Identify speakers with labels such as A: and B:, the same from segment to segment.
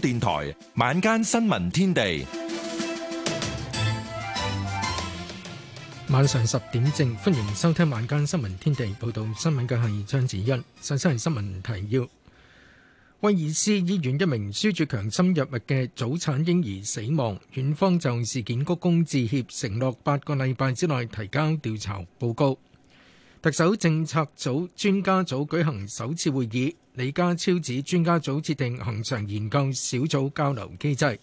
A: 電台晚，晚間新
B: 聞天地，
C: 晚上十點正，歡迎收聽晚間新聞天地報道新聞嘅係張子欣，首先係新聞提要：威爾斯醫院一名輸住強心藥物嘅早產嬰兒死亡，院方就事件鞠躬致歉，承諾八個禮拜之內提交調查報告。特首政策組專家組舉行首次會議，李家超指專家組設定恒常研究小組交流機制。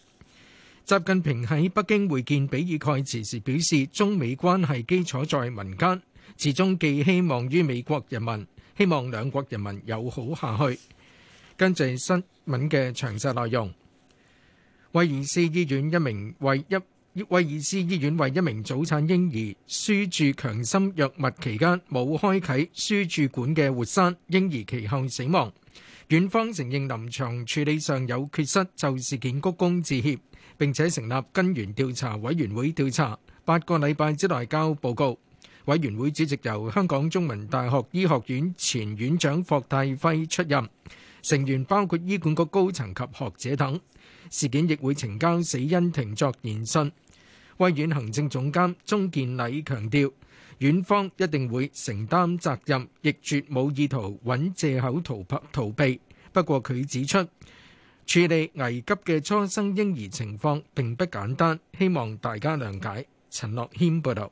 C: 習近平喺北京會見比爾蓋茨時表示，中美關係基礎在民間，始終寄希望於美國人民，希望兩國人民友好下去。跟住新聞嘅詳細內容，威爾斯醫院一名為一。威爾斯醫院為一名早產嬰兒輸注強心藥物期間，冇開啓輸注管嘅活塞，嬰兒其期後死亡。院方承認臨場處理上有缺失，就事件鞠躬致歉，並且成立根源調查委員會調查，八個禮拜之內交報告。委員會主席由香港中文大學醫學院前院長霍泰輝出任，成員包括醫管局高層及學者等。事件亦會呈交死因庭作研訊。威院行政總監鍾建禮強調，院方一定會承擔責任，亦絕冇意圖揾借口逃跑逃避。不過佢指出，處理危急嘅初生嬰兒情況並不簡單，希望大家諒解。陳樂軒報導，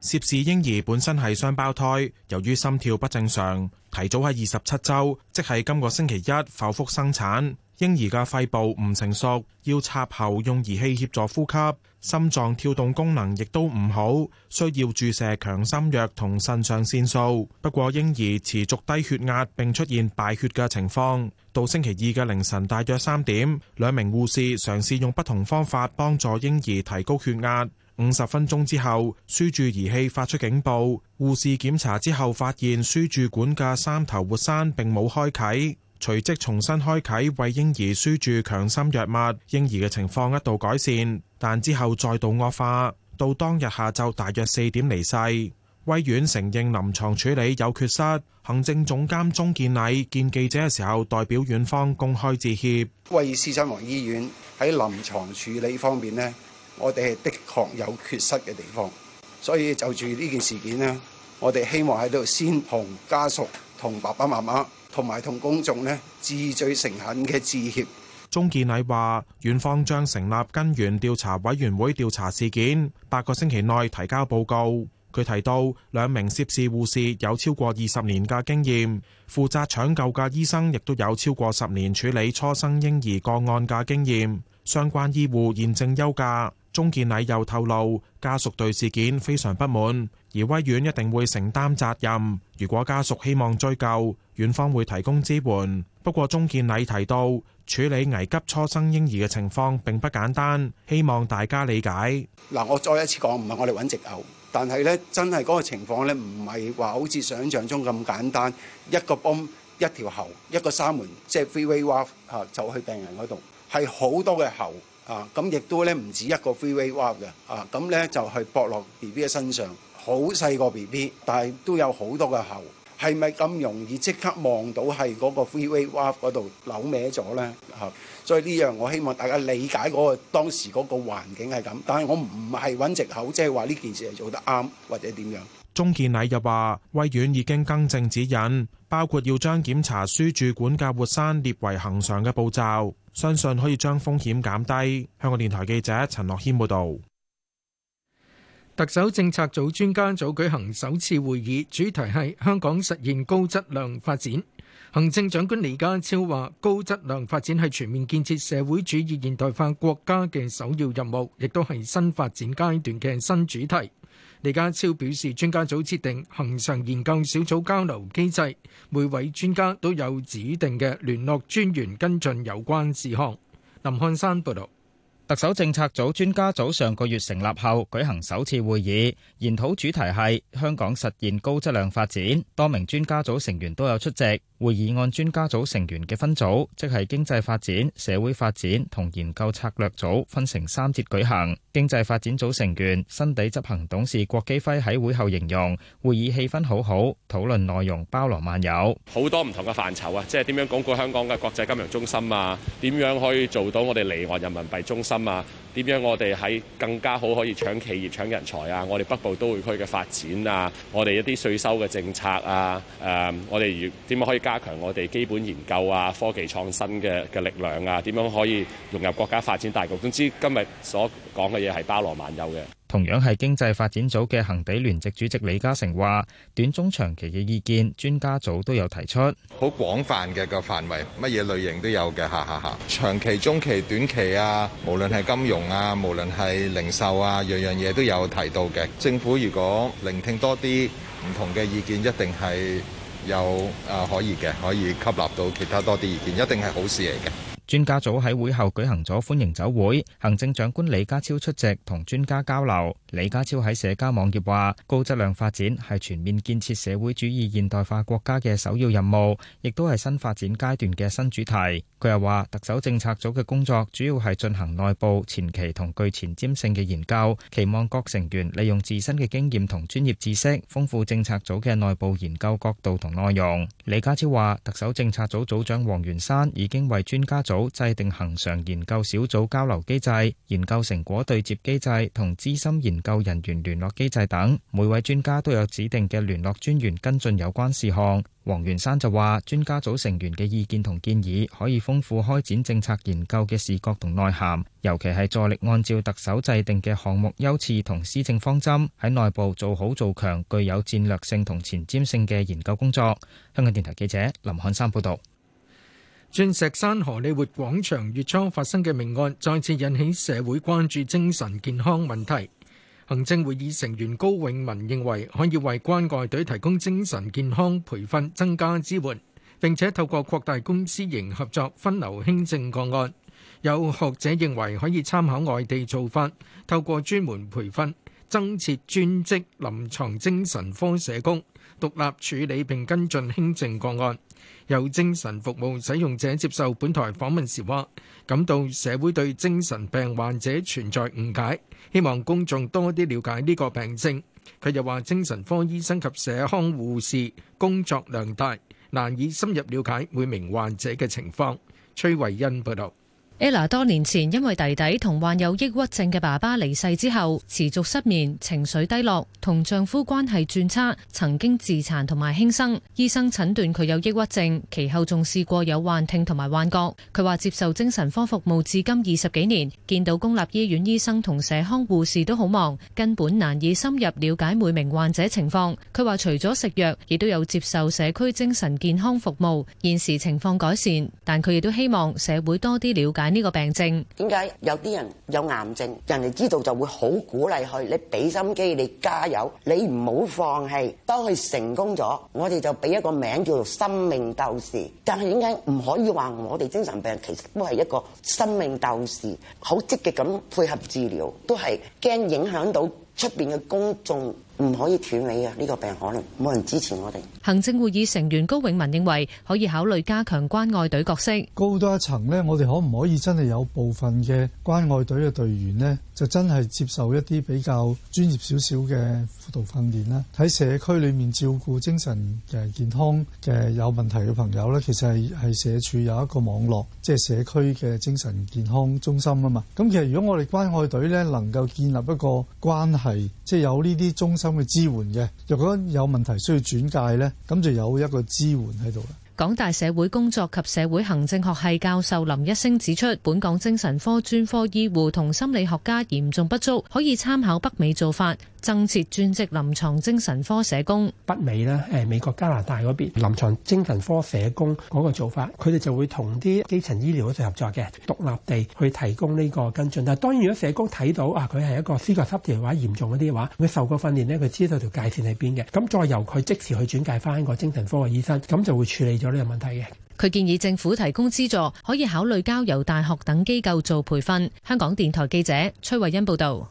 C: 涉
A: 事嬰兒本身係雙胞胎，由於心跳不正常，提早喺二十七週，即係今個星期一剖腹生產。嬰兒嘅肺部唔成熟，要插喉用儀器協助呼吸。心臟跳動功能亦都唔好，需要注射強心藥同腎上腺素。不過嬰兒持續低血壓，並出現敗血嘅情況。到星期二嘅凌晨大約三點，兩名護士嘗試用不同方法幫助嬰兒提高血壓。五十分鐘之後，輸注儀器發出警報，護士檢查之後發現輸注管嘅三頭活塞並冇開啟。隨即重新開啟為嬰兒輸注強心藥物，嬰兒嘅情況一度改善，但之後再度惡化，到當日下晝大約四點離世。威院承認臨床處理有缺失，行政總監鍾建禮見記者嘅時候，代表院方公開致歉。
B: 威爾斯親王醫院喺臨床處理方面呢，我哋係的確有缺失嘅地方，所以就住呢件事件咧，我哋希望喺度先同家屬同爸爸媽媽。同埋同公眾呢，致最誠懇嘅致歉。
A: 鍾健禮話，院方將成立根源調查委員會調查事件，八個星期內提交報告。佢提到兩名涉事護士有超過二十年嘅經驗，負責搶救嘅醫生亦都有超過十年處理初生嬰兒個案嘅經驗，相關醫護現正休假。鍾健禮又透露，家屬對事件非常不滿。而威院一定會承擔責任。如果家屬希望追究，院方會提供支援。不過鍾健禮提到，處理危急初生嬰兒嘅情況並不簡單，希望大家理解
B: 嗱。我再一次講，唔係我哋搵隻牛，但係咧真係嗰個情況咧，唔係話好似想象中咁簡單。一個泵一條喉一個三門，即係 three-way valve 吓，就喺病人嗰度係好多嘅喉啊。咁亦都咧唔止一個 three-way valve 嘅啊。咁咧就係駁落 BB 嘅身上。好細個 B B，但係都有好多個喉，係咪咁容易即刻望到係嗰個 three way 嗰度扭歪咗呢？嚇！所以呢樣我希望大家理解嗰個當時嗰個環境係咁，但係我唔係揾藉口，即係話呢件事係做得啱或者點樣。
A: 鍾健禮又話，威院已經更正指引，包括要將檢查輸注管嘅活塞列為恒常嘅步驟，相信可以將風險減低。香港電台記者陳樂軒報導。
C: 特首政策組專家組舉行首次會議，主題係香港實現高質量發展。行政長官李家超話：高質量發展係全面建設社會主義現代化國家嘅首要任務，亦都係新發展階段嘅新主題。李家超表示，專家組設定恆常研究小組交流機制，每位專家都有指定嘅聯絡專員跟進有關事項。林漢山報導。
D: 特首政策組專家組上個月成立後舉行首次會議，研討主題係香港實現高質量發展，多名專家組成員都有出席。會議按專家組成員嘅分組，即係經濟發展、社會發展同研究策略組，分成三節舉行。經濟發展組成員新地執行董事郭基輝喺會後形容，會議氣氛好好，討論內容包羅萬有，
E: 好多唔同嘅範疇啊！即係點樣鞏固香港嘅國際金融中心啊？點樣可以做到我哋離岸人民幣中心啊？點樣我哋喺更加好可以搶企業、搶人才啊？我哋北部都會區嘅發展啊？我哋一啲稅收嘅政策啊？誒，我哋如點樣可以？加強我哋基本研究啊、科技創新嘅嘅力量啊，點樣可以融入國家發展大局？總之，今日所講嘅嘢係包羅萬有嘅。
D: 同樣係經濟發展組嘅恆地聯席主席李家誠話：短、中、長期嘅意見專家組都有提出，
E: 好廣泛嘅個範圍，乜嘢類型都有嘅，下下下。長期、中期、短期啊，無論係金融啊，無論係零售啊，樣樣嘢都有提到嘅。政府如果聆聽多啲唔同嘅意見，一定係。有啊，呃，可以嘅，可以吸納到其他多啲意見，一定係好事嚟嘅。
D: 專家組喺會後舉行咗歡迎酒會，行政長官李家超出席同專家交流。李家超喺社交網頁話高質量發展係全面建設社會主義現代化國家嘅首要任務，亦都係新發展階段嘅新主題，佢又話特首政策組嘅工作主要係進行內部前期同具前瞻性嘅研究，期望各成員利用自身嘅經驗同專業知識豐富政策組嘅內部研究角度同內容。李家超話特首政策組組長黃元山已經為專家組。組制定恒常研究小組交流機制、研究成果對接機制同資深研究人員聯絡機制等，每位專家都有指定嘅聯絡專員跟進有關事項。黃元山就話，專家組成員嘅意見同建議可以豐富開展政策研究嘅視角同內涵，尤其係助力按照特首制定嘅項目優次同施政方針喺內部做好做強具有戰略性同前瞻性嘅研究工作。香港電台記者林漢山報道。
C: 鑽石山荷里活廣場月初發生嘅命案，再次引起社會關注精神健康問題。行政會議成員高永文認為，可以為關愛隊提供精神健康培訓，增加支援，並且透過擴大公私營合作，分流輕症個案。有學者認為，可以參考外地做法，透過專門培訓，增設專職臨床精神科社工，獨立處理並跟進輕症個案。有精神服務使用者接受本台訪問時話，感到社會對精神病患者存在誤解，希望公眾多啲了解呢個病症。佢又話，精神科醫生及社康護士工作量大，難以深入了解每名患者嘅情況。崔慧恩報道。
F: Ella 多年前因為弟弟同患有抑鬱症嘅爸爸離世之後，持續失眠、情緒低落，同丈夫關係轉差，曾經自殘同埋輕生。醫生診斷佢有抑鬱症，其後仲試過有幻聽同埋幻覺。佢話接受精神科服務至今二十幾年，見到公立醫院醫生同社康護士都好忙，根本難以深入了解每名患者情況。佢話除咗食藥，亦都有接受社區精神健康服務，現時情況改善，但佢亦都希望社會多啲了解。呢個病症，
G: 點解有啲人有癌症，人哋知道就會好鼓勵佢，你俾心機，你加油，你唔好放棄。當佢成功咗，我哋就俾一個名叫做生命鬥士。但係點解唔可以話我哋精神病人其實都係一個生命鬥士，好積極咁配合治療，都係驚影響到出邊嘅公眾。唔可以斷尾啊！呢個病可能冇人支持我哋。
F: 行政會議成員高永文認為可以考慮加強關愛隊角色。
C: 高多一層咧，我哋可唔可以真係有部分嘅關愛隊嘅隊員咧，就真係接受一啲比較專業少少嘅輔導訓練啦？喺社區裏面照顧精神嘅健康嘅有問題嘅朋友咧，其實係係社署有一個網絡，即係社區嘅精神健康中心啊嘛。咁其實如果我哋關愛隊咧能夠建立一個關係，即係有呢啲中心。咁嘅支援嘅，若果有問題需要轉介咧，咁就有一個支援喺度啦。
F: 港大社會工作及社會行政學系教授林一星指出，本港精神科專科醫護同心理學家嚴重不足，可以參考北美做法，增設專職臨床精
E: 神科社工。北美呢，誒，美國加拿大嗰邊臨床精神科社工嗰個做
C: 法，佢哋就會同啲基層醫療嗰度合作嘅，獨立地去提供呢個跟進。但係當然，如果社工睇到啊，佢係一個思覺失調嘅話，嚴重一啲嘅話，佢受過訓練咧，佢知道條界線
E: 喺邊嘅，咁再由佢即時去轉介翻一個精神科嘅醫生，咁就會處理。有呢個問題嘅，佢
F: 建議政府提供資助，可以考慮交由大學等機構做培訓。香港電台記者崔慧欣報導，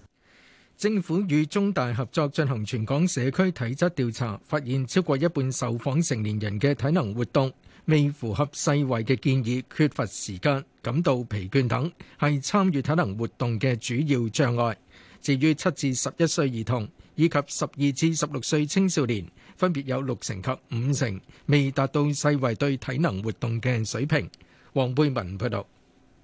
C: 政府與中大合作進行全港社區體質調查，發現超過一半受訪成年人嘅體能活動未符合世衛嘅建議，缺乏時間、感到疲倦等係參與體能活動嘅主要障礙。至於七至十一歲兒童，以及十二至十六歲青少年分別有六成及五成未達到世衛對體能活動嘅水平。黃貝文報道，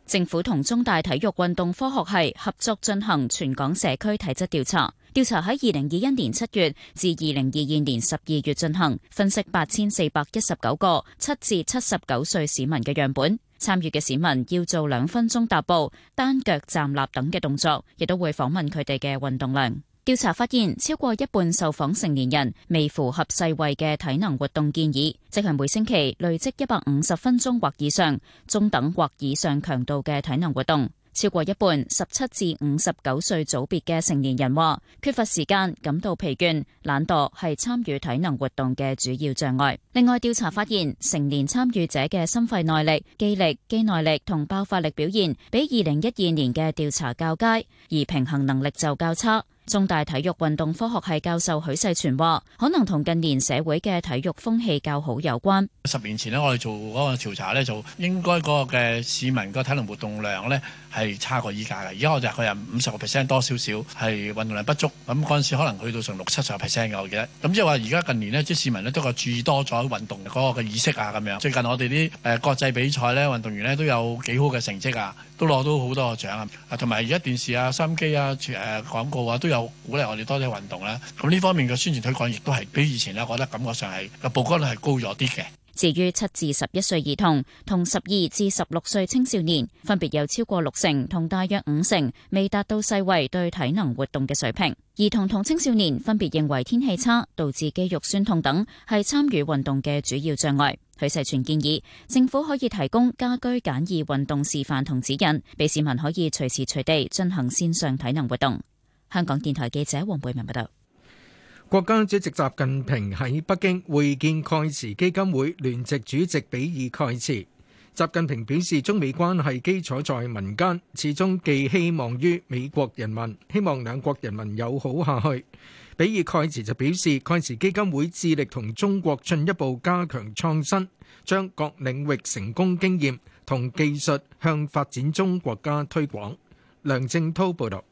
H: 政府同中大體育運動科學系合作進行全港社區體質調查，調查喺二零二一年七月至二零二二年十二月進行，分析八千四百一十九個七至七十九歲市民嘅樣本。參與嘅市民要做兩分鐘踏步、單腳站立等嘅動作，亦都會訪問佢哋嘅運動量。調查發現，超過一半受訪成年人未符合世衛嘅體能活動建議，即係每星期累積一百五十分鐘或以上中等或以上強度嘅體能活動。超過一半十七至五十九歲組別嘅成年人話，缺乏時間、感到疲倦、懶惰係參與體能活動嘅主要障礙。另外，調查發現，成年參與者嘅心肺耐力、肌力、肌耐力同爆發力表現比二零一二年嘅調查較佳，而平衡能力就較差。中大體育運動科學系教授許世全話，可能同近年社會嘅體育風氣較好有關。
E: 十年前咧，我哋做嗰個調查呢，就應該嗰個嘅市民個體能活動量呢係差過依家嘅。而家我就係個人五十個 percent 多少少係運動量不足。咁嗰陣時可能去到成六七十個 percent 嘅，我記得。咁即係話而家近年呢，即市民咧都係注意多咗運動嗰個嘅意識啊，咁樣。最近我哋啲誒國際比賽呢，運動員呢都有幾好嘅成績啊。都攞到好多個獎啊！同埋而家電視啊、收音機啊、誒、呃、廣告啊，都有鼓勵我哋多啲運動啦、啊。咁、嗯、呢方面嘅宣傳推廣亦都係比以前咧，覺得感覺上係個曝光率係高咗啲嘅。
H: 至於七至十一歲兒童同十二至十六歲青少年，分別有超過六成同大約五成未達到世衛對體能活動嘅水平。兒童同青少年分別認為天氣差導致肌肉酸痛等係參與運動嘅主要障礙。許世全建議政府可以提供家居簡易運動示範同指引，俾市民可以隨時隨地進行線上體能活動。香港電台記者黃貝文報道。國家主席
C: 習近平喺北京會見蓋茨基金會聯席主席比爾蓋茨。習近平表示，中美關係基礎在民間，始終寄希望於美國人民，希望兩國人民友好下去。比爾蓋茨就表示，蓋茨基金會致力同中國進一步加強創新，將各領域成功經驗同技術向發展中國家推廣。梁正滔報導。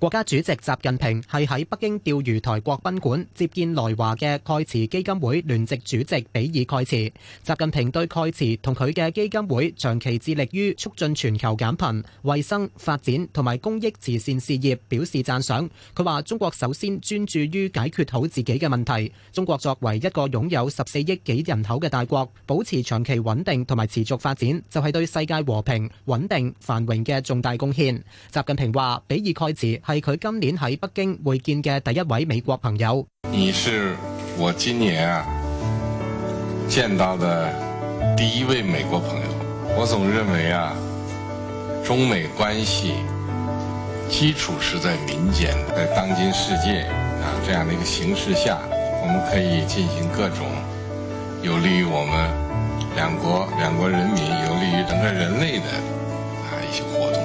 C: 國家主席習近平係喺北京釣魚台國賓館接見來
I: 華嘅蓋茨基金會聯席主席比爾蓋茨。習近平對蓋茨同佢嘅基金會長期致力於促進全球減貧、衛生發展同埋公益慈善事業表示讚賞。佢話：中國首先專注於解決好自己嘅問題。中國作為一個擁有十四億幾人口嘅大國，保持長期穩定同埋持續發展，就係對世界和平、穩定、繁榮嘅重大貢獻。習近平話：比爾蓋茨係佢今年喺北京會見嘅第一位美國朋友。
C: 你是我今年啊見到的第一位美國朋友。我總認為啊，中美關係基礎是在民間。在當今世界啊，這樣的一個形勢下，我們可以進行各種有利於我們兩國兩國人民、有利於整個人類的啊一些
I: 活動。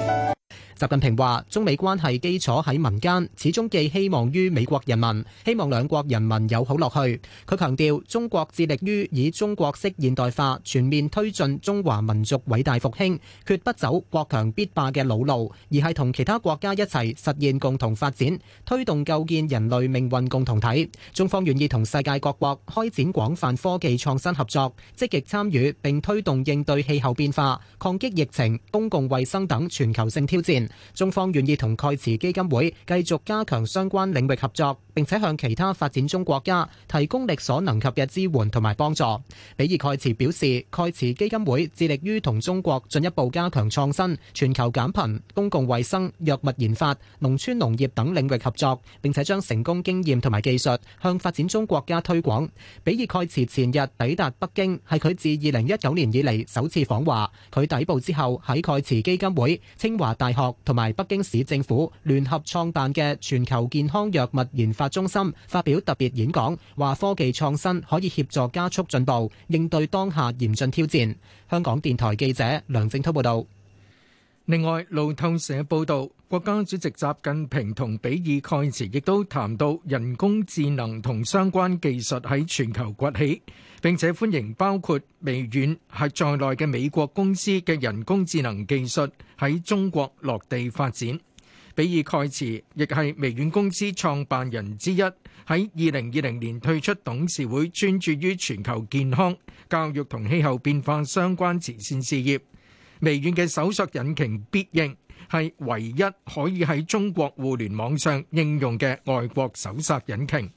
I: 習近平話：中美關係基礎喺民間，始終寄希望於美國人民，希望兩國人民友好落去。佢強調，中國致力於以中國式現代化全面推進中華民族偉大復興，決不走國強必霸嘅老路，而係同其他國家一齊實現共同發展，推動構建人類命運共同體。中方願意同世界各國開展廣泛科技創新合作，積極參與並推動應對氣候變化、抗擊疫情、公共衛生等全球性挑戰。中方願意同蓋茨基金會繼續加強相關領域合作，並且向其他發展中國家提供力所能及嘅支援同埋幫助。比爾蓋茨表示，蓋茨基金會致力於同中國進一步加強創新、全球減貧、公共衛生、藥物研發、農村農業等領域合作，並且將成功經驗同埋技術向發展中國家推廣。比爾蓋茨前日抵達北京，係佢自二零一九年以嚟首次訪華。佢抵步之後喺蓋茨基金會、清華大學、同埋北京市政府聯合創辦嘅全球健康藥物研發中心發表特別演講，話科技創新可以協助加速進步，應對當下嚴峻挑戰。香港電台記者梁
C: 靜濤報導。另外，路透社報道，國家主席習近平同比爾蓋茨亦都談到人工智能同相關技術喺全球崛起。並且歡迎包括微軟係在內嘅美國公司嘅人工智能技術喺中國落地發展。比爾蓋茨亦係微軟公司創辦人之一，喺二零二零年退出董事會，專注於全球健康、教育同氣候變化相關慈善事業。微軟嘅搜索引擎必應係唯一可以喺中國互聯網上應用嘅外國搜索引擎。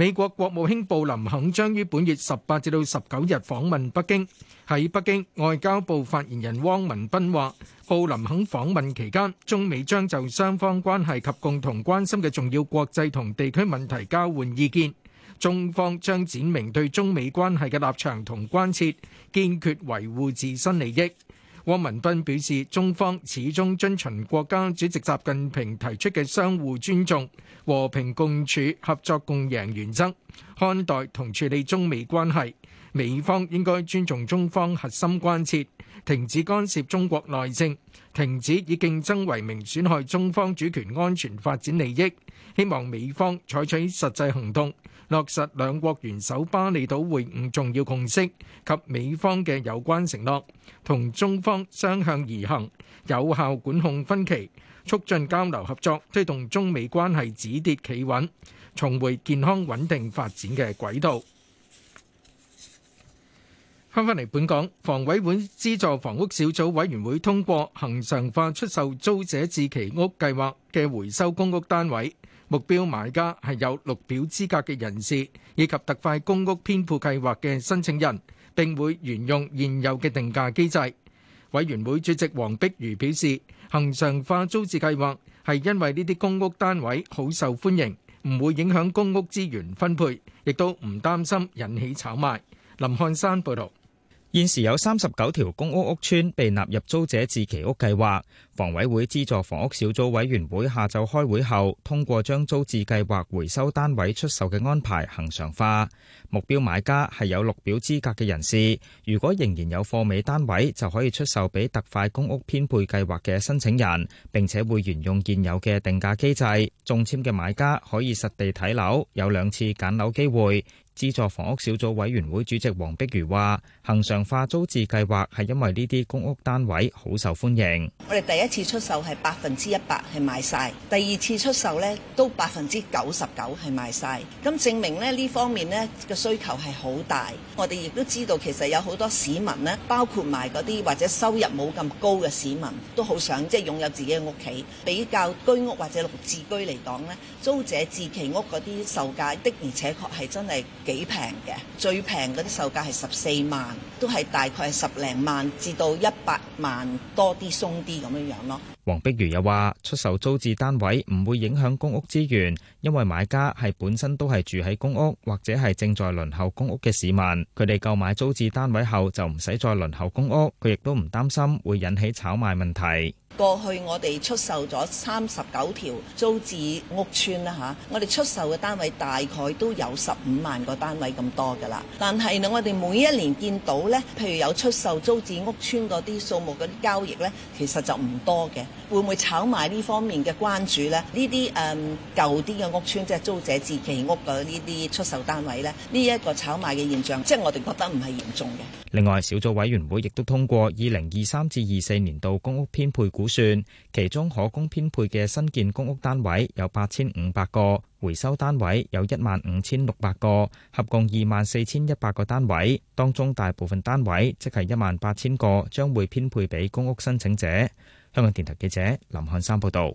C: 美國國務卿布林肯將於本月十八至到十九日訪問北京。喺北京，外交部發言人汪文斌話：布林肯訪問期間，中美將就雙方關係及共同關心嘅重要國際同地區問題交換意見。中方將展明對中美關係嘅立場同關切，堅決維護自身利益。汪文斌表示，中方始終遵循國家主席習近平提出嘅相互尊重、和平共處、合作共贏原則，看待同處理中美關係。美方應該尊重中方核心關切，停止干涉中國內政，停止以競爭為名損害中方主權安全發展利益。希望美方採取實際行動，落實兩國元首巴厘島會晤重要共識及美方嘅有關承諾，同中方相向而行，有效管控分歧，促進交流合作，推動中美關係止跌企穩，重回健康穩定發展嘅軌道。翻返嚟本港，房委會資助房屋小組委員會通過恒常化出售租者置其屋計劃嘅回收公屋單位，目標買家係有綠表資格嘅人士以及特快公屋編配計劃嘅申請人，並會沿用現有嘅定價機制。委員會主席黃碧如表示，恒常化租置計劃係因為呢啲公屋單位好受歡迎，唔會影響公屋資源分配，亦都唔擔心引起炒賣。林漢山報道。現時有
D: 三十九條公屋屋邨被納入租者置其屋計劃，房委會資助房屋小組委員會下晝開會後，通過將租置計劃回收單位出售嘅安排恆常化。目標買家係有綠表資格嘅人士，如果仍然有貨尾單位，就可以出售俾特快公屋編配計劃嘅申請人，並且會沿用現有嘅定價機制。中籤嘅買家可以實地睇樓，有兩次揀樓機會。資助房屋小組委員會主席黃碧如話，恒常化租置計劃係因為呢啲公屋單位好受歡迎。
G: 我哋第一次出售係百分之一百係賣晒，第二次出售呢都百分之九十九係賣晒，咁證明咧呢方面呢個需求係好大。我哋亦都知道，其實有好多市民咧，包括埋嗰啲或者收入冇咁高嘅市民，都好想即係、就是、擁有自己嘅屋企。比較居屋或者綠置居嚟講呢，租者置其屋嗰啲售價的而且確係真係。幾平嘅，最平嗰啲售價係十四萬，都係大概係十零萬至到一百萬多啲鬆啲咁樣樣咯。
D: 黃碧如又話：出售租置單位唔會影響公屋資源，因為買家係本身都係住喺公屋或者係正在輪候公屋嘅市民，佢哋購買租置單位後就唔使再輪候公屋，佢亦都唔擔心會引起炒賣問題。
G: 過去我哋出售咗三十九條租置屋邨，啦、啊、嚇，我哋出售嘅單位大概都有十五萬個單位咁多㗎啦。但係咧，我哋每一年見到呢，譬如有出售租置屋邨嗰啲數目嗰啲交易呢，其實就唔多嘅。會唔會炒賣呢方面嘅關注呢？呢啲誒舊啲嘅屋邨，即、就、係、是、租者置其屋嘅呢啲出售單位呢，呢、這、一個炒賣嘅現象，即、就、係、是、我哋覺得唔係嚴重嘅。
D: 另外，小組委員會亦都通過二零二三至二四年度公屋編配估算，其中可供編配嘅新建公屋單位有八千五百個，回收單位有一萬五千六百個，合共二萬四千一百個單位。當中大部分單位，即係一萬八千個，將會編配俾公屋申請者。香港電台記者林漢山報
C: 道。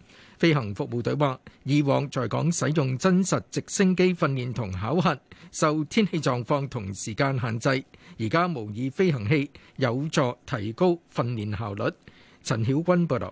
C: 飛行服務隊話：以往在港使用真實直，直升機訓練同考核，受天氣狀況同時間限制，而家模擬飛行器有助提高訓練效率。陳曉君報道。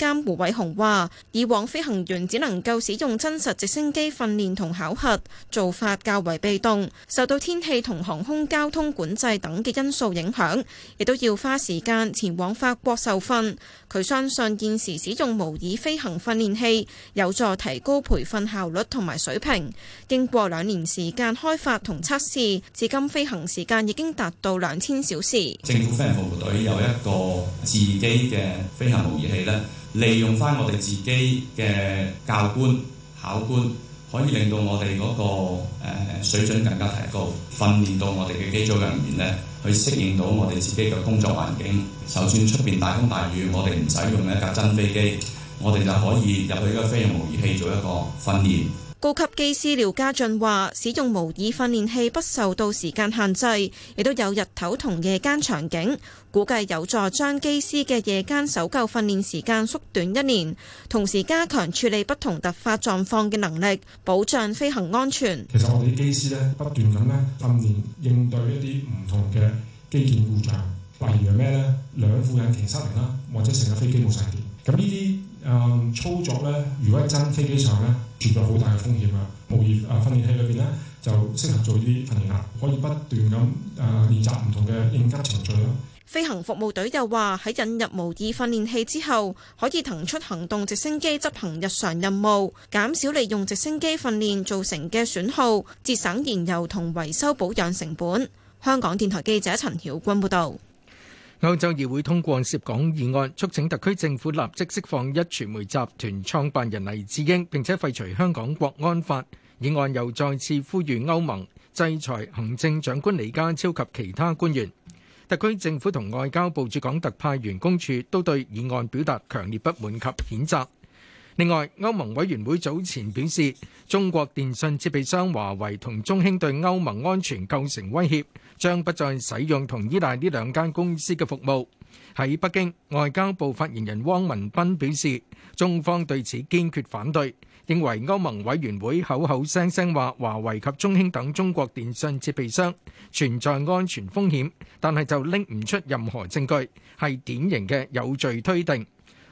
J: 監胡偉雄話：以往飛行員只能夠使用真實直升機訓練同考核，做法較為被動，受到天氣同航空交通管制等嘅因素影響，亦都要花時間前往法國受訓。佢相信現時使用模擬飛行訓練器有助提高培訓效率同埋水平。經過兩年時間開發同測試，至今飛行時間已經達到兩千小時。政府飛行
D: 服務
E: 隊有一個自己嘅飛行模擬器咧。利用翻我哋自己嘅教官、考官，可以令到我哋嗰、那個誒、呃、水準更加提高，訓練到我哋嘅機組人員咧，去適應到我哋自己嘅工作環境。就算出邊大風大雨，我哋唔使用一架真飛機，我哋就可以入去一個飛行模擬器做一個訓練。
J: 高級機師廖家俊話：，使用模擬訓練器不受到時間限制，亦都有日頭同夜間場景，估計有助將機師嘅夜間搜救訓練時間縮短一年，同時加強處理不同突發狀況嘅能力，保障飛行安全。
K: 其實我哋啲機師
C: 不斷咁咧訓練應對一啲唔同嘅機件故障，例如咩咧，兩副引擎失靈或者成架飛機冇晒電，誒操作咧，如果喺真飛機上咧，絕對有好大嘅風險啊！模擬啊訓練器裏邊咧，就適合做呢啲訓練啦，可以不斷咁誒練習唔同嘅應急程序咯。
J: 飛行服務隊又話，喺引入模擬訓練器之後，可以騰出行動直升機執行日常任務，減少利用直升機訓練造成嘅損耗，節省燃油同維修保養成本。香港電台記者陳曉君報道。
C: 歐洲議會通過涉港議案，促請特區政府立即釋放壹傳媒集團創辦人黎智英，並且廢除香港國安法。議案又再次呼籲歐盟制裁行政長官李家超及其他官員。特區政府同外交部駐港特派員公署都對議案表達強烈不滿及譴責。另外，歐盟委員會早前表示，中國電信設備商華為同中興對歐盟安全構成威脅，將不再使用同依賴呢兩間公司嘅服務。喺北京，外交部發言人汪文斌表示，中方對此堅決反對，認為歐盟委員會口口聲聲話華為及中興等中國電信設備商存在安全風險，但係就拎唔出任何證據，係典型嘅有罪推定。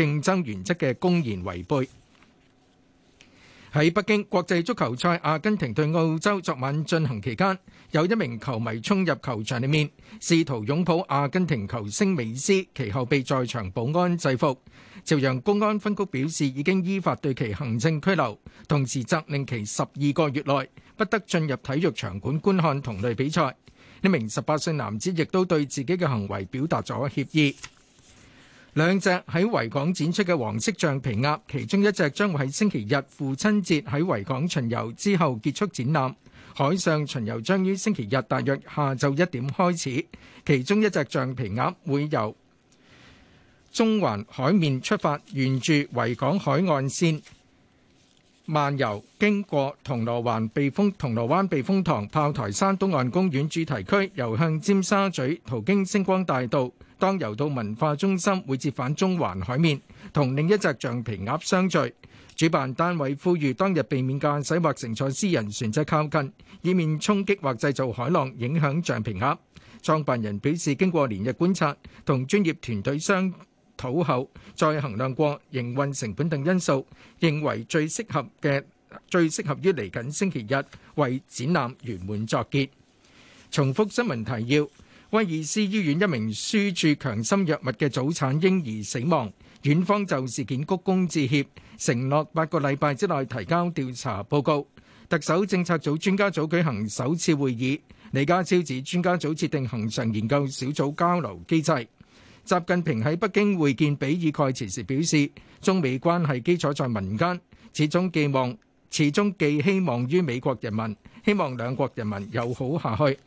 C: 競爭原則嘅公然違背。喺北京國際足球賽，阿根廷對澳洲昨晚進行期間，有一名球迷衝入球場裏面，試圖擁抱阿根廷球星美斯，其後被在場保安制服。朝陽公安分局表示，已經依法對其行政拘留，同時責令其十二個月內不得進入體育場館觀看同類比賽。呢名十八歲男子亦都對自己嘅行為表達咗歉意。兩隻喺維港展出嘅黃色橡皮鴨，其中一隻將會喺星期日父親節喺維港巡遊之後結束展覽。海上巡遊將於星期日大約下晝一點開始，其中一隻橡皮鴨會由中環海面出發，沿住維港海岸線漫遊，經過銅鑼灣避風銅鑼灣避風塘、炮台山東岸公園主題區，遊向尖沙咀，途經星光大道。當遊到文化中心，會折返中環海面，同另一隻橡皮鴨相聚。主辦單位呼籲當日避免駕駛或乘坐私人船隻靠近，以免衝擊或製造海浪，影響橡皮鴨。創辦人表示，經過連日觀察同專業團隊商討後，再衡量過營運成本等因素，認為最適合嘅最適合於嚟緊星期日為展覽圓滿作結。重複新聞提要。威爾斯醫院一名輸注強心藥物嘅早產嬰兒死亡，院方就事件鞠躬致歉，承諾八個禮拜之內提交調查報告。特首政策組專家組舉行首次會議，李家超指專家組設定恆常研究小組交流機制。習近平喺北京會見比爾蓋茨時表示，中美關係基礎在民間，始終寄望始終寄希望於美國人民，希望兩國人民友好下去。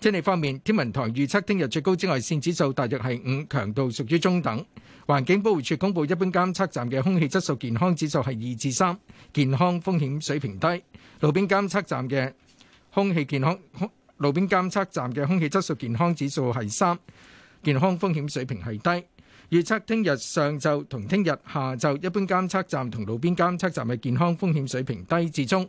C: 天氣方面，天文台預測聽日最高紫外線指數大約係五，強度屬於中等。環境保護署公布一般監測站嘅空氣質素健康指數係二至三，健康風險水平低。路邊監測站嘅空氣健康，路邊監測站嘅空氣質素健康指數係三，健康風險水平係低。預測聽日上晝同聽日下晝，一般監測站同路邊監測站嘅健康風險水平低至中。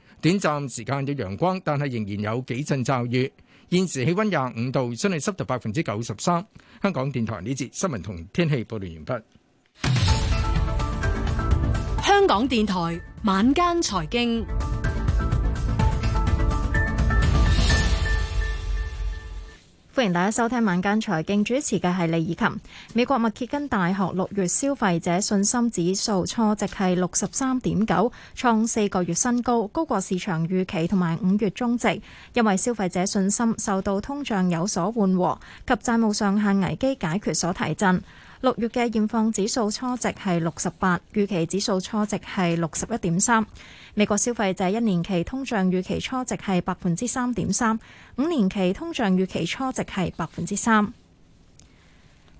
C: 短暫時間有陽光，但係仍然有幾陣驟雨。現時氣溫廿五度，相對濕度百分之九十三。香港電台呢節新聞同天氣報道完畢。
L: 香港電台晚間財經。歡迎大家收聽晚間財經，主持嘅係李怡琴。美國密歇根大學六月消費者信心指數初值係六十三點九，創四個月新高，高過市場預期同埋五月終值，因為消費者信心受到通脹有所緩和及債務上限危機解決所提振。六月嘅現況指數初值係六十八，預期指數初值係六十一點三。美國消費者一年期通脹預期初值係百分之三點三，五年期通脹預期初值係百分之三。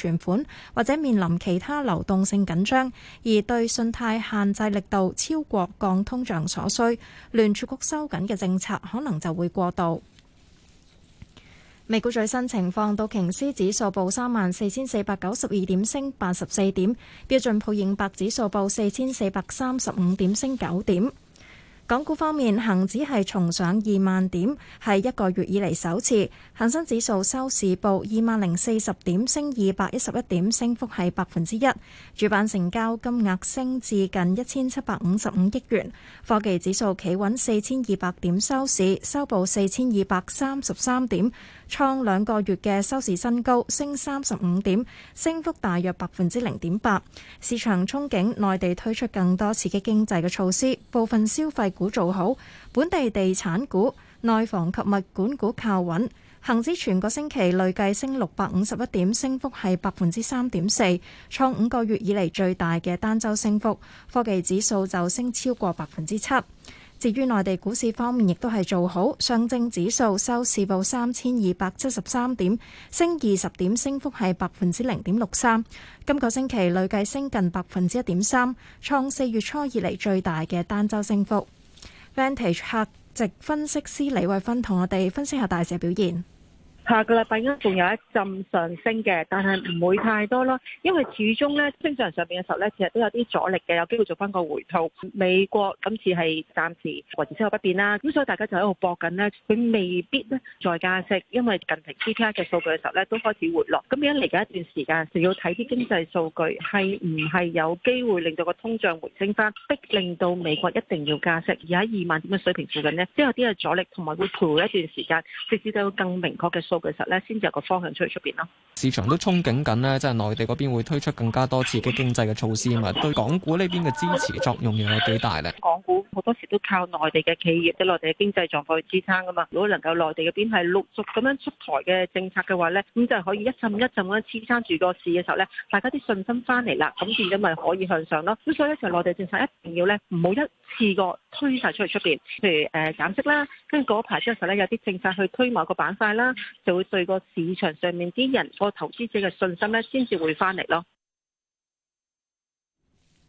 L: 存款或者面臨其他流動性緊張，而對信貸限制力度超過降通脹所需，聯儲局收緊嘅政策可能就會過度。美股最新情況，道瓊斯指數報三萬四千四百九十二點升八十四點，標準普爾五百指數報四千四百三十五點升九點。港股方面，恒指係重上二萬點，係一個月以嚟首次。恒生指數收市報二萬零四十點，升二百一十一點，升幅係百分之一。主板成交金額升至近一千七百五十五億元。科技指數企穩四千二百點，收市收報四千二百三十三點。創兩個月嘅收市新高，升三十五點，升幅大約百分之零點八。市場憧憬內地推出更多刺激經濟嘅措施，部分消費股做好，本地地產股、內房及物管股靠穩。恒指全個星期累計升六百五十一點，升幅係百分之三點四，創五個月以嚟最大嘅單周升幅。科技指數就升超過百分之七。至於內地股市方面，亦都係做好，上證指數收市報三千二百七十三點，升二十點，升幅係百分之零點六三。今個星期累計升近百分之一點三，創四月初以來最大嘅單周升幅。Vantage 客席分析師李慧芬同我哋分析下大市表現。
M: 下個禮拜應該仲有一陣上升嘅，但係唔會太多咯，因為始終咧，正常上邊嘅時候咧，其實都有啲阻力嘅，有機會做翻個回吐。美國今次係暫時維持之後不變啦，咁所以大家就喺度搏緊咧，佢未必咧再加息，因為近期 CPI 嘅數據嘅時候咧都開始回落。咁樣嚟緊一段時間，就要睇啲經濟數據係唔係有機會令到個通脹回升翻，逼令到美國一定要加息，而喺二萬點嘅水平附近呢，都有啲嘅阻力，同埋會徘徊一段時間，直至到更明確嘅。數據實咧，先至有個方向出去出邊咯。
E: 市場都憧憬緊咧，即係內地嗰邊會推出更加多刺激經濟嘅措施，咁啊，對港股呢邊嘅支持作用又有幾大咧？
M: 港股好多時都靠內地嘅企業、即內地嘅經濟狀況去支撐噶嘛。如果能夠內地嗰邊係陸續咁樣出台嘅政策嘅話咧，咁就係可以一陣一陣咁支撐住個市嘅時候咧，大家啲信心翻嚟啦，咁變咗咪可以向上咯。咁所以一齊內地政策一定要咧，唔好一次過推晒出去出邊，譬如誒減、呃、息啦，跟住嗰排之時咧有啲政策去推某個板塊啦。就會對個市場上面啲人，個投資者嘅信心咧，先至會返嚟咯。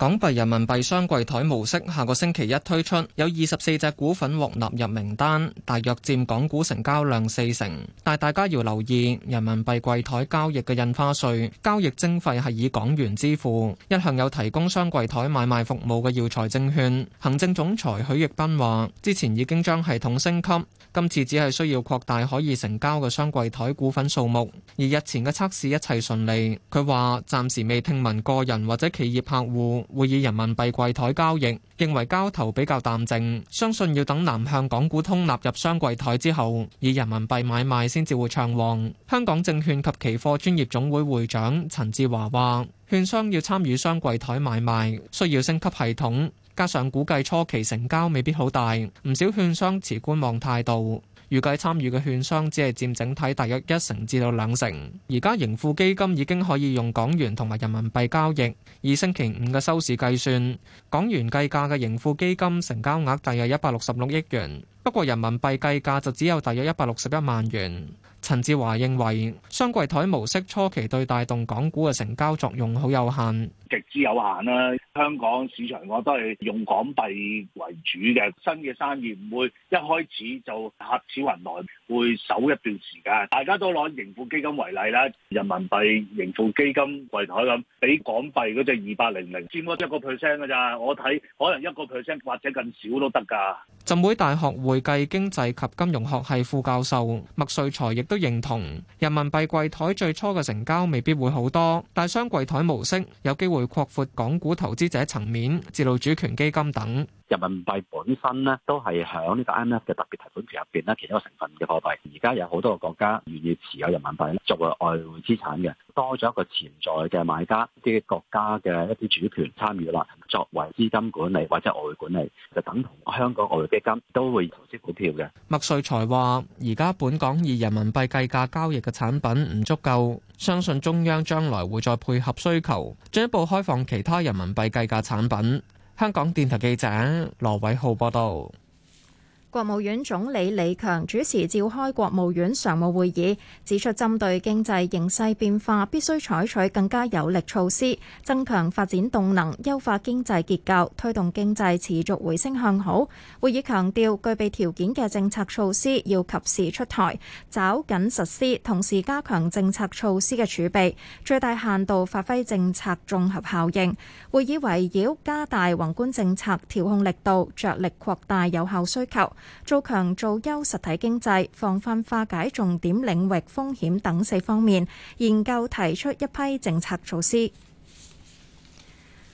E: 港幣人民幣雙櫃台模式下個星期一推出，有二十四隻股份獲納入名單，大約佔港股成交量四成。但大家要留意，人民幣櫃台交易嘅印花稅、交易徵費係以港元支付。一向有提供雙櫃台買賣服務嘅耀才證券行政總裁許繹彬話，之前已經將系統升級，今次只係需要擴大可以成交嘅雙櫃台股份數目，而日前嘅測試一切順利。佢話暫時未聽聞個人或者企業客戶。會以人民幣櫃台交易，認為交投比較淡靜，相信要等南向港股通納入雙櫃台之後，以人民幣買賣先至會暢旺。香港證券及期貨專業總會會長陳志華話，券商要參與雙櫃台買賣，需要升級系統，加上估計初期成交未必好大，唔少券商持觀望態度。預計參與嘅券商只係佔整體大約一成至到兩成。而家盈富基金已經可以用港元同埋人民幣交易。以星期五嘅收市計算，港元計價嘅盈富基金成交額大約一百六十六億元，不過人民幣計價就只有大約一百六十一萬元。陳志華認為雙櫃檯模式初期對帶動港股嘅成交作用好有限，
M: 極之有限啦、啊。香港市場我都係用港幣為主嘅，新嘅生意唔會一開始就霞起雲來，會守一段時間。大家都攞盈富基金為例啦，人民幣盈富基金櫃檯咁，俾港幣嗰隻二八零零，佔咗一個 percent 噶咋。我睇可能一個 percent 或者更少都得噶。
E: 浸會大學會計經濟及金融學系副教授麥瑞才亦，都認同人民幣櫃台最初嘅成交未必會好多，但雙櫃台模式有機會擴闊港股投資者層面，至到主權基金等。人
M: 民幣本身咧都係喺呢個 IMF 嘅特別提款權入邊咧，其中一個成分嘅貨幣。而家有好多個國家願意持有人民幣作為外匯資產嘅，多咗一個潛在嘅買家，啲國家嘅一啲主權參與啦，作為資金管理或者外匯管理，就等同香港外匯基金都會投資股票嘅。
E: 麥瑞才話：而家本港以人民幣計價交易嘅產品唔足夠，相信中央將來會再配合需求，進一步開放其他人民幣計價產品。香港電台記者羅偉浩報道。
L: 國務院總理李強主持召開國務院常務會議，指出針對經濟形勢變化，必須採取更加有力措施，增強發展動能，優化經濟結構，推動經濟持續回升向好。會議強調，具備條件嘅政策措施要及時出台，抓緊實施，同時加強政策措施嘅儲備，最大限度發揮政策綜合效應。會議圍繞加大宏觀政策調控力度，着力擴大有效需求。做強做優實體經濟、防範化解重點領域風險等四方面，研究提出一批政策措施。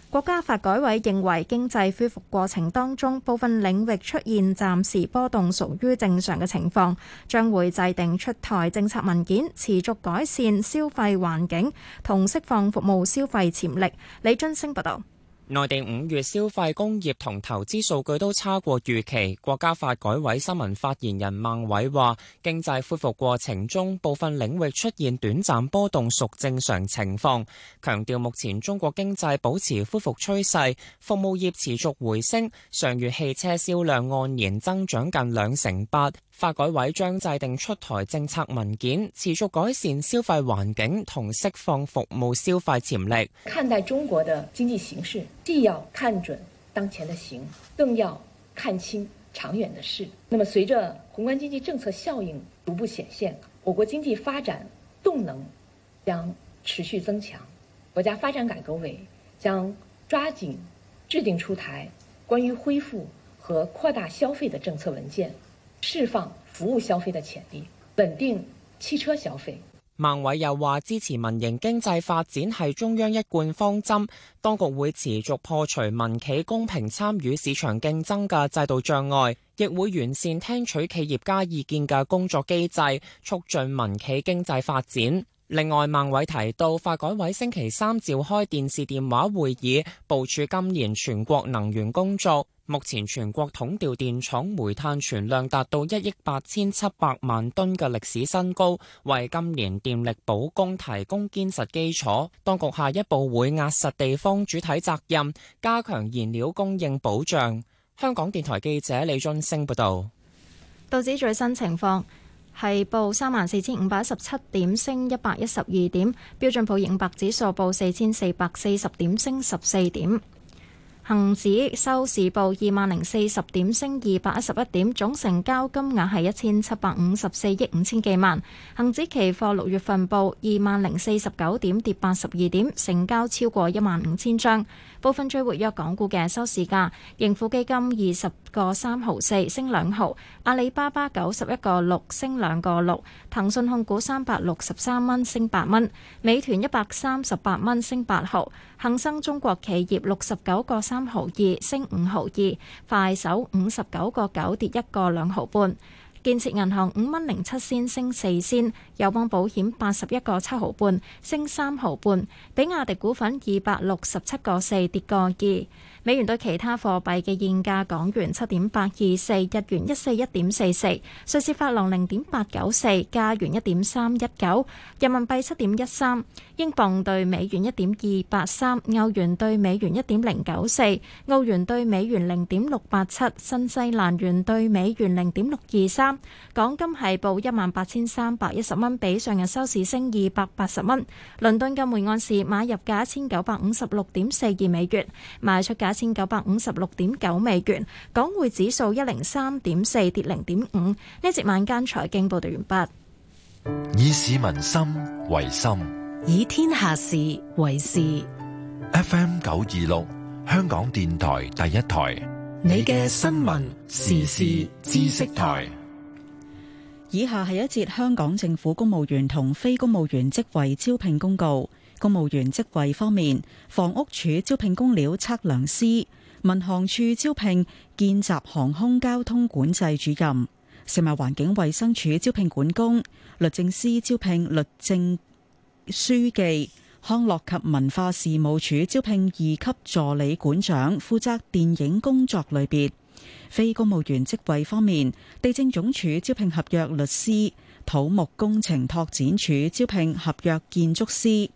L: 國家發改委認為，經濟恢復過程當中，部分領域出現暫時波動屬於正常嘅情況，將會制定出台政策文件，持續改善消費環境，同釋放服務消費潛力。李津升報道。
N: 內地五月消費、工業同投資數據都差過預期，國家發改委新聞發言人孟偉話，經濟恢復過程中，部分領域出現短暫波動屬正常情況，強調目前中國經濟保持恢復趨勢，服務業持續回升，上月汽車銷量按年增長近兩成八。發改委將制定出台政策文件，持續改善消費環境同釋放服務消費潛力。
F: 看待中國的經濟形勢，既要看準當前的形，更要看清長遠的勢。那麼隨着宏觀經濟政策效應逐步顯現，我國經濟發展動能將持續增強。國家發展改革委將抓緊制定出台關於恢復和擴大消費的政策文件。釋放服務消費的潛力，穩定汽車消費。
N: 孟偉又話：支持民營經濟發展係中央一貫方針，當局會持續破除民企公平參與市場競爭嘅制度障礙，亦會完善聽取企業家意見嘅工作機制，促進民企經濟發展。另外，孟偉提到，發改委星期三召開電視電話會議，部署今年全國能源工作。目前全國統調電廠煤炭存量達到一億八千七百萬噸嘅歷史新高，為今年電力保供提供堅實基礎。當局下一步會壓實地方主體責任，加強燃料供應保障。香港電台記者李俊升報道。
L: 道指最新情況係報三萬四千五百一十七點，升一百一十二點；標準普爾五百指數報四千四百四十點，升十四點。恒指收市報二萬零四十點，升二百一十一點，總成交金額係一千七百五十四億五千幾萬。恒指期貨六月份報二萬零四十九點，跌八十二點，成交超過一萬五千張。部分最活躍港股嘅收市價，盈富基金二十個三毫四升兩毫，阿里巴巴九十一個六升兩個六，騰訊控股三百六十三蚊升八蚊，美團一百三十八蚊升八毫，恒生中國企業六十九個三毫二升五毫二，快手五十九個九跌一個兩毫半。建設銀行五蚊零七仙升四仙，友邦保險八十一個七毫半升三毫半，比亞迪股份二百六十七個四跌個二。美元對其他貨幣嘅現價：港元七點八二四，日元一四一點四四，瑞士法郎零點八九四，加元一點三一九，人民幣七點一三，英鎊對美元一點二八三，歐元對美元一點零九四，澳元對美元零點六八七，新西蘭元對美元零點六二三。港金係報一萬八千三百一十蚊，比上日收市升二百八十蚊。倫敦嘅每盎司買入價一千九百五十六點四二美元，賣出價千九百五十六點九美元，港匯指數一零三點四，跌零點五。呢一節晚間財經報道完畢。
E: 以市民心為心，
F: 以天下事為事。
A: FM 九二六，香港電台第一台，
K: 你嘅新聞時事
A: 知識台。
K: 以下係一節香港政府公務員同非公務員職位招聘公告。公務員職位方面，房屋署招聘工料測量師；民航處招聘見習航空交通管制主任；食物環境衛生署招聘管工；律政司招聘律政書記；康樂及文化事務署招聘二級助理館長，負責電影工作類別。非公務員職位方面，地政總署招聘合約律師；土木工程拓展署招聘合約建築師。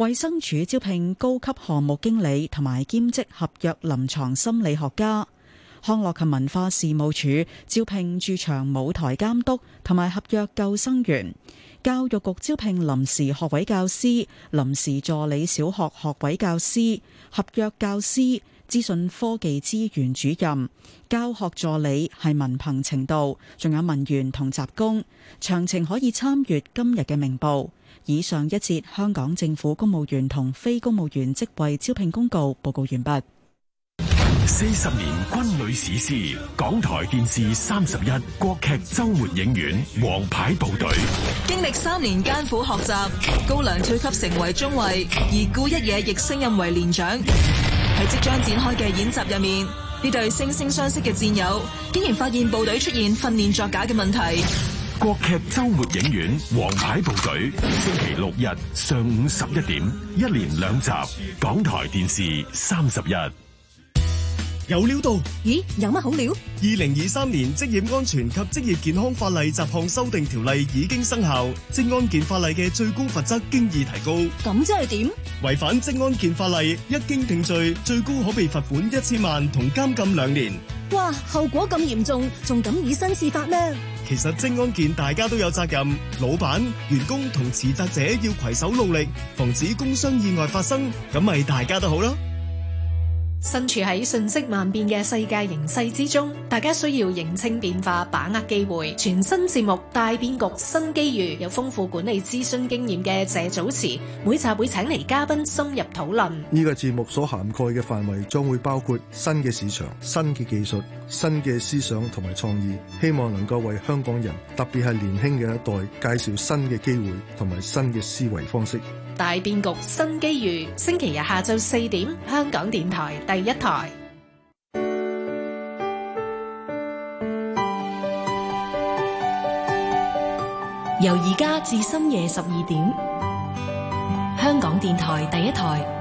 K: 衛生署招聘高級項目經理同埋兼職合約臨床心理學家，康樂及文化事務署招聘駐場舞台監督同埋合約救生員，教育局招聘臨時學位教師、臨時助理小學學位教師、合約教師、資訊科技資源主任、教學助理係文憑程度，仲有文員同雜工，詳情可以參閱今日嘅明報。以上一節香港政府公務員同非公務員職位招聘公告，報告完畢。
A: 四十年軍旅史詩，港台電視三十一國劇周末影院，王牌部隊。
G: 經歷三年艱苦學習，高樑退級成為中尉，而顧一野亦升任為連長。喺即將展開嘅演習入面，呢對惺惺相惜嘅戰友，竟然發現部隊出現訓練作假嘅問題。
A: 國劇周末影院，王牌部隊，星期六日上午十一點，一連兩集，港台電視三十一。
E: 有料到？咦，有乜好料？二零二三年職業安全及職業健康法例雜項修訂條例已經生效，職安健法例嘅最高罰則經已提高。咁即係點？違反職安健法例一經定罪，最高可被罰款一千萬同監禁兩年。哇，後果咁嚴重，仲敢以身試法咩？其實職安健大家都有責任，老闆、員工同持責者要携手努力，防止工傷意外發生，咁咪大家都好咯。
F: 身處喺瞬息萬變嘅世界形勢之中，大家需要認清變化，把握機會。全新節目《大變局新機遇》，有豐富管理諮詢經驗嘅謝祖慈，每集會請嚟嘉賓深入討
C: 論。
E: 呢個節目所涵蓋嘅範圍將會包括新嘅市場、新嘅技術、
C: 新嘅思想同埋創意，希望能夠為香港人，特別係年輕嘅一代，介紹新嘅機會同埋新嘅思維方式。
F: 大變局，新機遇。星期日下晝四點，香港電台第一台。由而家至深夜十二點，香港電台第一台。